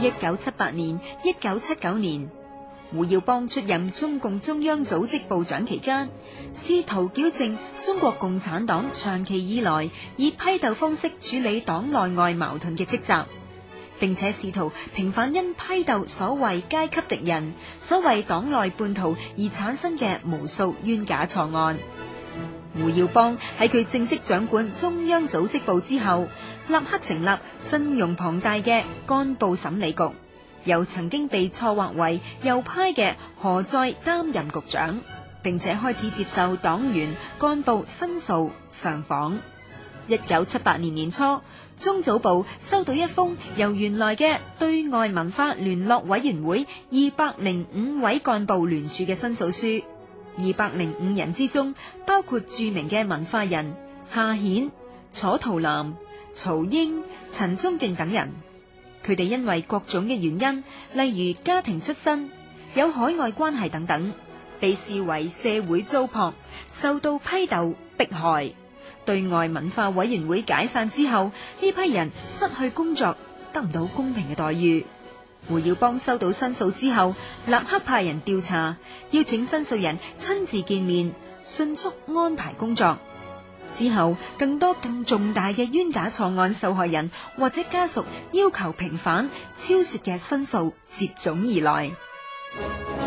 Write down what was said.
一九七八年、一九七九年，胡耀邦出任中共中央組織部長期間，試圖矯正中國共產黨長期以來以批鬥方式處理黨內外矛盾嘅積習，並且試圖平反因批鬥所謂階級敵人、所謂黨內叛徒而產生嘅無數冤假錯案。胡耀邦喺佢正式掌管中央組織部之後，立刻成立陣容龐大嘅幹部審理局，由曾經被錯劃為右派嘅何在擔任局長，並且開始接受黨員幹部申訴上訪。一九七八年年初，中組部收到一封由原來嘅對外文化聯絡委員會二百零五位幹部聯署嘅申訴書。二百零五人之中，包括著名嘅文化人夏衍、楚圖南、曹英、陳忠敬等人。佢哋因為各種嘅原因，例如家庭出身、有海外關係等等，被視為社會糟粕，受到批鬥、迫害。對外文化委員會解散之後，呢批人失去工作，得唔到公平嘅待遇。胡耀邦收到申訴之後，立刻派人調查，邀請申訴人親自見面，迅速安排工作。之後，更多更重大嘅冤假錯案受害人或者家屬要求平反，超說嘅申訴接踵而來。